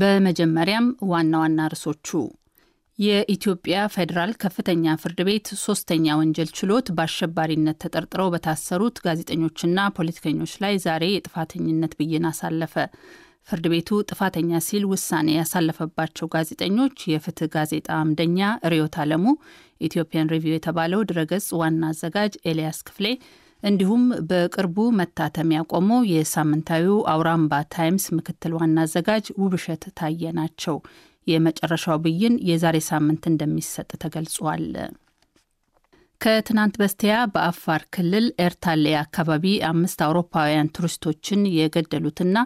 በመጀመሪያም ዋና ዋና ርዕሶቹ የኢትዮጵያ ፌዴራል ከፍተኛ ፍርድ ቤት ሶስተኛ ወንጀል ችሎት በአሸባሪነት ተጠርጥረው በታሰሩት ጋዜጠኞችና ፖለቲከኞች ላይ ዛሬ የጥፋተኝነት ብይን አሳለፈ። ፍርድ ቤቱ ጥፋተኛ ሲል ውሳኔ ያሳለፈባቸው ጋዜጠኞች የፍትህ ጋዜጣ አምደኛ ርዕዮት አለሙ፣ ኢትዮጵያን ሪቪው የተባለው ድረገጽ ዋና አዘጋጅ ኤልያስ ክፍሌ እንዲሁም በቅርቡ መታተም ያቆመው የሳምንታዊው አውራምባ ታይምስ ምክትል ዋና አዘጋጅ ውብሸት ታየ ናቸው። የመጨረሻው ብይን የዛሬ ሳምንት እንደሚሰጥ ተገልጿል። ከትናንት በስቲያ በአፋር ክልል ኤርታሌ አካባቢ አምስት አውሮፓውያን ቱሪስቶችን የገደሉትና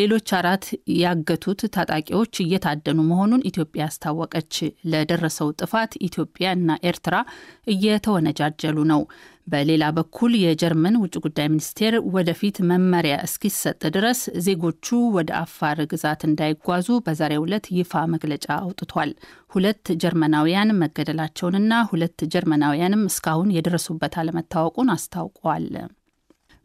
ሌሎች አራት ያገቱት ታጣቂዎች እየታደኑ መሆኑን ኢትዮጵያ አስታወቀች። ለደረሰው ጥፋት ኢትዮጵያ እና ኤርትራ እየተወነጃጀሉ ነው። በሌላ በኩል የጀርመን ውጭ ጉዳይ ሚኒስቴር ወደፊት መመሪያ እስኪሰጥ ድረስ ዜጎቹ ወደ አፋር ግዛት እንዳይጓዙ በዛሬው ዕለት ይፋ መግለጫ አውጥቷል። ሁለት ጀርመናውያን መገደላቸውንና ሁለት ጀርመናውያንም እስካሁን የደረሱበት አለመታወቁን አስታውቋል።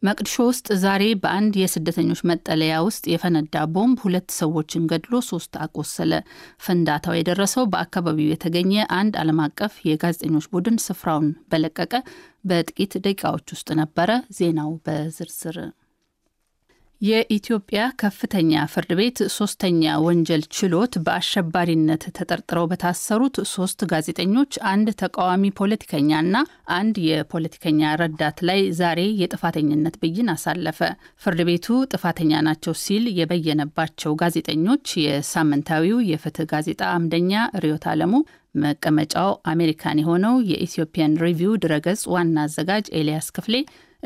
መቅድሾ ውስጥ ዛሬ በአንድ የስደተኞች መጠለያ ውስጥ የፈነዳ ቦምብ ሁለት ሰዎችን ገድሎ ሶስት አቆሰለ። ፍንዳታው የደረሰው በአካባቢው የተገኘ አንድ ዓለም አቀፍ የጋዜጠኞች ቡድን ስፍራውን በለቀቀ በጥቂት ደቂቃዎች ውስጥ ነበረ። ዜናው በዝርዝር የኢትዮጵያ ከፍተኛ ፍርድ ቤት ሶስተኛ ወንጀል ችሎት በአሸባሪነት ተጠርጥረው በታሰሩት ሶስት ጋዜጠኞች፣ አንድ ተቃዋሚ ፖለቲከኛና አንድ የፖለቲከኛ ረዳት ላይ ዛሬ የጥፋተኝነት ብይን አሳለፈ። ፍርድ ቤቱ ጥፋተኛ ናቸው ሲል የበየነባቸው ጋዜጠኞች የሳምንታዊው የፍትህ ጋዜጣ አምደኛ ርዮት አለሙ መቀመጫው አሜሪካን የሆነው የኢትዮጵያን ሪቪው ድረገጽ ዋና አዘጋጅ ኤልያስ ክፍሌ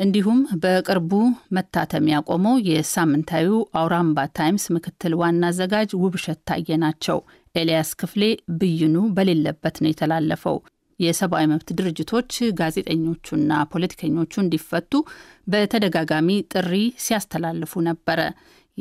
እንዲሁም በቅርቡ መታተም ያቆመው የሳምንታዊው አውራምባ ታይምስ ምክትል ዋና አዘጋጅ ውብሸት ታየ ናቸው። ኤልያስ ክፍሌ ብይኑ በሌለበት ነው የተላለፈው። የሰብአዊ መብት ድርጅቶች ጋዜጠኞቹና ፖለቲከኞቹ እንዲፈቱ በተደጋጋሚ ጥሪ ሲያስተላልፉ ነበረ።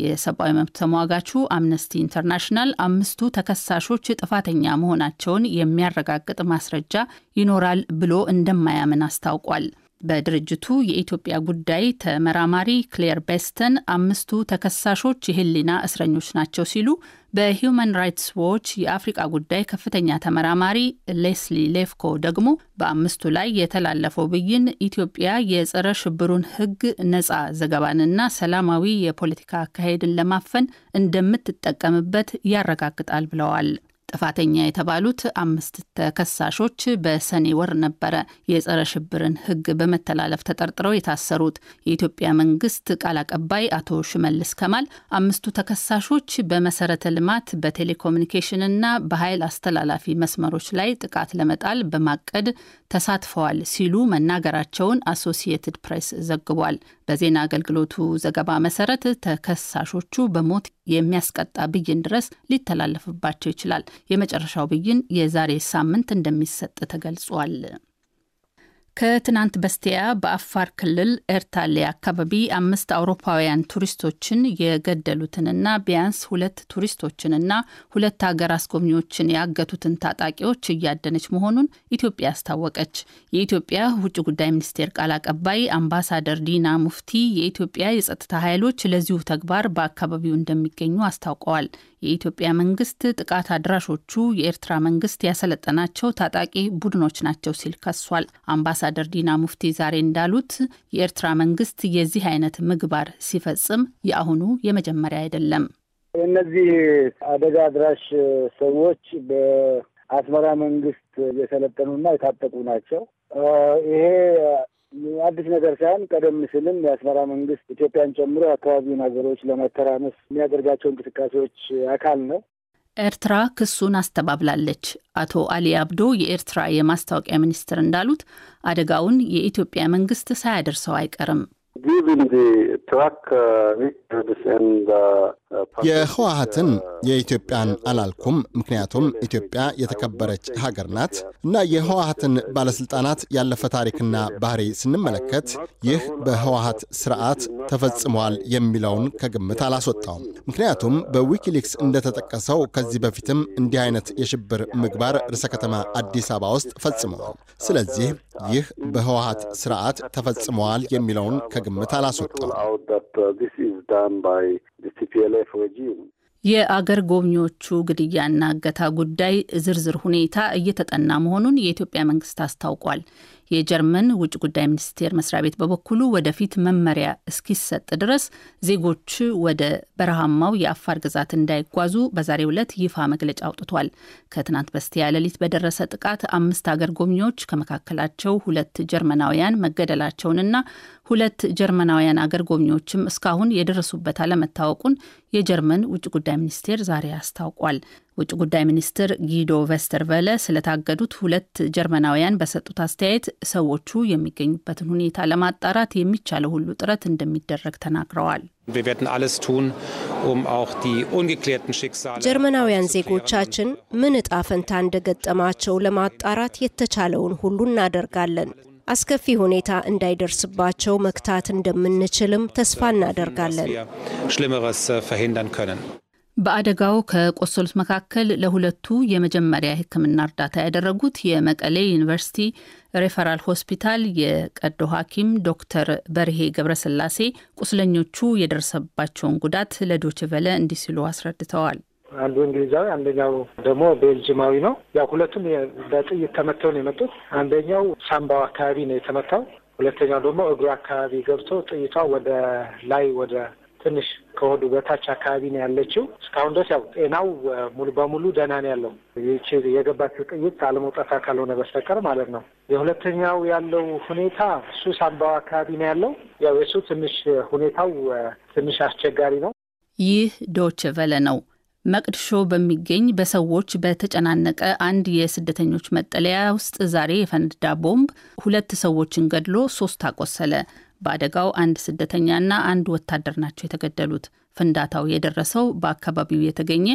የሰብአዊ መብት ተሟጋቹ አምነስቲ ኢንተርናሽናል አምስቱ ተከሳሾች ጥፋተኛ መሆናቸውን የሚያረጋግጥ ማስረጃ ይኖራል ብሎ እንደማያምን አስታውቋል። በድርጅቱ የኢትዮጵያ ጉዳይ ተመራማሪ ክሌር ቤስተን አምስቱ ተከሳሾች የህሊና እስረኞች ናቸው ሲሉ በሂዩማን ራይትስ ዎች የአፍሪቃ ጉዳይ ከፍተኛ ተመራማሪ ሌስሊ ሌፍኮ ደግሞ በአምስቱ ላይ የተላለፈው ብይን ኢትዮጵያ የጸረ ሽብሩን ህግ ነጻ ዘገባንና ሰላማዊ የፖለቲካ አካሄድን ለማፈን እንደምትጠቀምበት ያረጋግጣል ብለዋል። ጥፋተኛ የተባሉት አምስት ተከሳሾች በሰኔ ወር ነበረ የጸረ ሽብርን ህግ በመተላለፍ ተጠርጥረው የታሰሩት። የኢትዮጵያ መንግስት ቃል አቀባይ አቶ ሽመልስ ከማል አምስቱ ተከሳሾች በመሰረተ ልማት በቴሌኮሙኒኬሽንና በኃይል አስተላላፊ መስመሮች ላይ ጥቃት ለመጣል በማቀድ ተሳትፈዋል ሲሉ መናገራቸውን አሶሲየትድ ፕሬስ ዘግቧል። በዜና አገልግሎቱ ዘገባ መሰረት ተከሳሾቹ በሞት የሚያስቀጣ ብይን ድረስ ሊተላለፍባቸው ይችላል። የመጨረሻው ብይን የዛሬ ሳምንት እንደሚሰጥ ተገልጿል። ከትናንት በስቲያ በአፋር ክልል ኤርታሌ አካባቢ አምስት አውሮፓውያን ቱሪስቶችን የገደሉትንና ቢያንስ ሁለት ቱሪስቶችንና ሁለት ሀገር አስጎብኚዎችን ያገቱትን ታጣቂዎች እያደነች መሆኑን ኢትዮጵያ አስታወቀች። የኢትዮጵያ ውጭ ጉዳይ ሚኒስቴር ቃል አቀባይ አምባሳደር ዲና ሙፍቲ የኢትዮጵያ የጸጥታ ኃይሎች ለዚሁ ተግባር በአካባቢው እንደሚገኙ አስታውቀዋል። የኢትዮጵያ መንግስት ጥቃት አድራሾቹ የኤርትራ መንግስት ያሰለጠናቸው ታጣቂ ቡድኖች ናቸው ሲል ከሷል። አምባሳደር ዲና ሙፍቲ ዛሬ እንዳሉት የኤርትራ መንግስት የዚህ አይነት ምግባር ሲፈጽም የአሁኑ የመጀመሪያ አይደለም። እነዚህ አደጋ አድራሽ ሰዎች በአስመራ መንግስት የሰለጠኑና የታጠቁ ናቸው። ይሄ አዲስ ነገር ሳይሆን ቀደም ሲልም የአስመራ መንግስት ኢትዮጵያን ጨምሮ የአካባቢውን ሀገሮች ለመተራመስ የሚያደርጋቸው እንቅስቃሴዎች አካል ነው። ኤርትራ ክሱን አስተባብላለች። አቶ አሊ አብዶ የኤርትራ የማስታወቂያ ሚኒስትር እንዳሉት አደጋውን የኢትዮጵያ መንግስት ሳያደርሰው አይቀርም። የህወሀትን የኢትዮጵያን አላልኩም። ምክንያቱም ኢትዮጵያ የተከበረች ሀገር ናት እና የህወሀትን ባለሥልጣናት ያለፈ ታሪክና ባህሪ ስንመለከት ይህ በህወሀት ስርዓት ተፈጽሟል የሚለውን ከግምት አላስወጣውም። ምክንያቱም በዊኪሊክስ እንደተጠቀሰው ከዚህ በፊትም እንዲህ አይነት የሽብር ምግባር ርዕሰ ከተማ አዲስ አበባ ውስጥ ፈጽመዋል። ስለዚህ ይህ በህወሀት ስርዓት ተፈጽመዋል የሚለውን ከግምት አላስወጣውም። ወጂ የአገር ጎብኚዎቹ ግድያና እገታ ጉዳይ ዝርዝር ሁኔታ እየተጠና መሆኑን የኢትዮጵያ መንግስት አስታውቋል። የጀርመን ውጭ ጉዳይ ሚኒስቴር መስሪያ ቤት በበኩሉ ወደፊት መመሪያ እስኪሰጥ ድረስ ዜጎች ወደ በረሃማው የአፋር ግዛት እንዳይጓዙ በዛሬው ዕለት ይፋ መግለጫ አውጥቷል። ከትናንት በስቲያ ሌሊት በደረሰ ጥቃት አምስት አገር ጎብኚዎች ከመካከላቸው ሁለት ጀርመናውያን መገደላቸውንና ሁለት ጀርመናውያን አገር ጎብኚዎችም እስካሁን የደረሱበት አለመታወቁን የጀርመን ውጭ ጉዳይ ሚኒስቴር ዛሬ አስታውቋል። ውጭ ጉዳይ ሚኒስትር ጊዶ ቨስተርቨለ ስለታገዱት ሁለት ጀርመናውያን በሰጡት አስተያየት ሰዎቹ የሚገኙበትን ሁኔታ ለማጣራት የሚቻለው ሁሉ ጥረት እንደሚደረግ ተናግረዋል። um ጀርመናውያን ዜጎቻችን ምን እጣ ፈንታ እንደገጠማቸው ለማጣራት የተቻለውን ሁሉ እናደርጋለን። አስከፊ ሁኔታ እንዳይደርስባቸው መክታት እንደምንችልም ተስፋ እናደርጋለን። በአደጋው ከቆሰሉት መካከል ለሁለቱ የመጀመሪያ ሕክምና እርዳታ ያደረጉት የመቀሌ ዩኒቨርሲቲ ሬፈራል ሆስፒታል የቀዶ ሐኪም ዶክተር በርሄ ገብረስላሴ ቁስለኞቹ የደረሰባቸውን ጉዳት ለዶችቨለ እንዲህ ሲሉ አስረድተዋል። አንዱ እንግሊዛዊ አንደኛው ደግሞ ቤልጅማዊ ነው። ያው ሁለቱም በጥይት ተመተው ነው የመጡት። አንደኛው ሳምባው አካባቢ ነው የተመታው። ሁለተኛው ደግሞ እግሩ አካባቢ ገብቶ ጥይቷ ወደ ላይ ወደ ትንሽ ከሆዱ በታች አካባቢ ነው ያለችው። እስካሁን ድረስ ያው ጤናው ሙሉ በሙሉ ደህና ነው ያለው። ይቺ የገባችው ጥይት አለመውጣት ካልሆነ በስተቀር ማለት ነው። የሁለተኛው ያለው ሁኔታ እሱ ሳምባው አካባቢ ነው ያለው። ያው የሱ ትንሽ ሁኔታው ትንሽ አስቸጋሪ ነው። ይህ ዶች ቨለ ነው። መቅድሾ በሚገኝ በሰዎች በተጨናነቀ አንድ የስደተኞች መጠለያ ውስጥ ዛሬ የፈነዳ ቦምብ ሁለት ሰዎችን ገድሎ ሶስት አቆሰለ። በአደጋው አንድ ስደተኛና አንድ ወታደር ናቸው የተገደሉት። ፍንዳታው የደረሰው በአካባቢው የተገኘ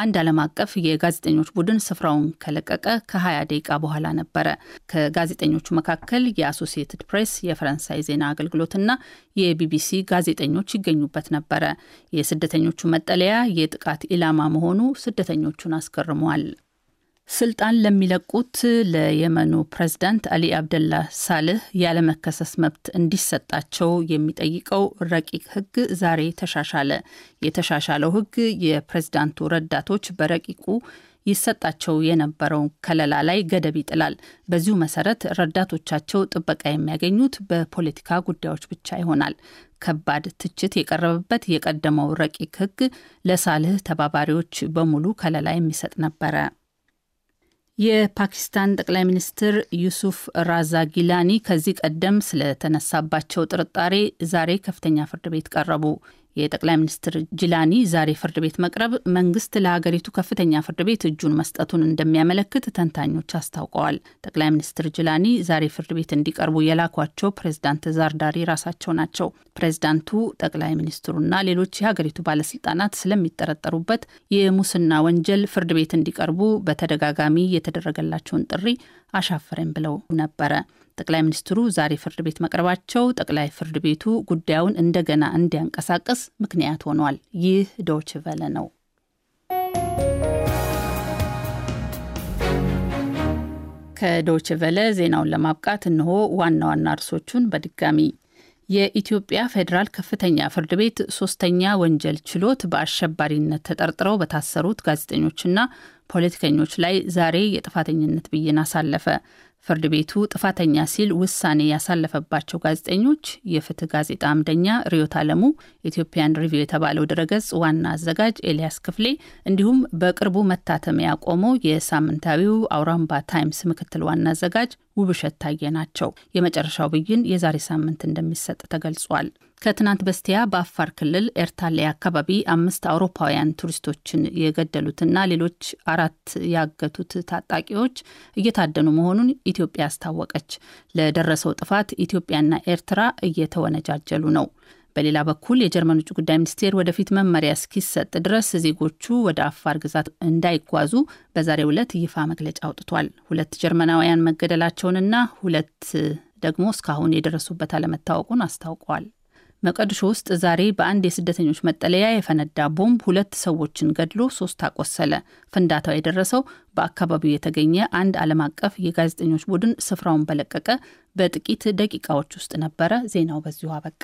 አንድ ዓለም አቀፍ የጋዜጠኞች ቡድን ስፍራውን ከለቀቀ ከ20 ደቂቃ በኋላ ነበረ። ከጋዜጠኞቹ መካከል የአሶሲየትድ ፕሬስ፣ የፈረንሳይ ዜና አገልግሎትና የቢቢሲ ጋዜጠኞች ይገኙበት ነበረ። የስደተኞቹ መጠለያ የጥቃት ኢላማ መሆኑ ስደተኞቹን አስገርሟል። ስልጣን ለሚለቁት ለየመኑ ፕሬዝዳንት አሊ አብደላ ሳልህ ያለመከሰስ መብት እንዲሰጣቸው የሚጠይቀው ረቂቅ ሕግ ዛሬ ተሻሻለ። የተሻሻለው ሕግ የፕሬዝዳንቱ ረዳቶች በረቂቁ ይሰጣቸው የነበረውን ከለላ ላይ ገደብ ይጥላል። በዚሁ መሰረት ረዳቶቻቸው ጥበቃ የሚያገኙት በፖለቲካ ጉዳዮች ብቻ ይሆናል። ከባድ ትችት የቀረበበት የቀደመው ረቂቅ ሕግ ለሳልህ ተባባሪዎች በሙሉ ከለላ የሚሰጥ ነበረ። የፓኪስታን ጠቅላይ ሚኒስትር ዩሱፍ ራዛ ጊላኒ ከዚህ ቀደም ስለተነሳባቸው ጥርጣሬ ዛሬ ከፍተኛ ፍርድ ቤት ቀረቡ። የጠቅላይ ሚኒስትር ጅላኒ ዛሬ ፍርድ ቤት መቅረብ መንግስት ለሀገሪቱ ከፍተኛ ፍርድ ቤት እጁን መስጠቱን እንደሚያመለክት ተንታኞች አስታውቀዋል። ጠቅላይ ሚኒስትር ጅላኒ ዛሬ ፍርድ ቤት እንዲቀርቡ የላኳቸው ፕሬዝዳንት ዛርዳሪ ራሳቸው ናቸው። ፕሬዝዳንቱ ጠቅላይ ሚኒስትሩና ሌሎች የሀገሪቱ ባለስልጣናት ስለሚጠረጠሩበት የሙስና ወንጀል ፍርድ ቤት እንዲቀርቡ በተደጋጋሚ የተደረገላቸውን ጥሪ አሻፈረኝ ብለው ነበረ። ጠቅላይ ሚኒስትሩ ዛሬ ፍርድ ቤት መቅረባቸው ጠቅላይ ፍርድ ቤቱ ጉዳዩን እንደገና እንዲያንቀሳቅስ ምክንያት ሆኗል። ይህ ዶች ቨለ ነው። ከዶች ቨለ ዜናውን ለማብቃት እንሆ ዋና ዋና እርሶቹን በድጋሚ የኢትዮጵያ ፌዴራል ከፍተኛ ፍርድ ቤት ሶስተኛ ወንጀል ችሎት በአሸባሪነት ተጠርጥረው በታሰሩት ጋዜጠኞችና ፖለቲከኞች ላይ ዛሬ የጥፋተኝነት ብይን አሳለፈ። ፍርድ ቤቱ ጥፋተኛ ሲል ውሳኔ ያሳለፈባቸው ጋዜጠኞች የፍትህ ጋዜጣ አምደኛ ርዮት አለሙ፣ ኢትዮጵያን ሪቪው የተባለው ድረገጽ ዋና አዘጋጅ ኤልያስ ክፍሌ እንዲሁም በቅርቡ መታተም ያቆመው የሳምንታዊው አውራምባ ታይምስ ምክትል ዋና አዘጋጅ ውብሸት ታየ ናቸው። የመጨረሻው ብይን የዛሬ ሳምንት እንደሚሰጥ ተገልጿል። ከትናንት በስቲያ በአፋር ክልል ኤርታሌ አካባቢ አምስት አውሮፓውያን ቱሪስቶችን የገደሉትና ሌሎች አራት ያገቱት ታጣቂዎች እየታደኑ መሆኑን ኢትዮጵያ አስታወቀች። ለደረሰው ጥፋት ኢትዮጵያና ኤርትራ እየተወነጃጀሉ ነው። በሌላ በኩል የጀርመን ውጭ ጉዳይ ሚኒስቴር ወደፊት መመሪያ እስኪሰጥ ድረስ ዜጎቹ ወደ አፋር ግዛት እንዳይጓዙ በዛሬው ዕለት ይፋ መግለጫ አውጥቷል። ሁለት ጀርመናውያን መገደላቸውንና ሁለት ደግሞ እስካሁን የደረሱበት አለመታወቁን አስታውቀዋል። መቀድሾ ውስጥ ዛሬ በአንድ የስደተኞች መጠለያ የፈነዳ ቦምብ ሁለት ሰዎችን ገድሎ ሶስት አቆሰለ። ፍንዳታው የደረሰው በአካባቢው የተገኘ አንድ ዓለም አቀፍ የጋዜጠኞች ቡድን ስፍራውን በለቀቀ በጥቂት ደቂቃዎች ውስጥ ነበረ። ዜናው በዚሁ አበቃ።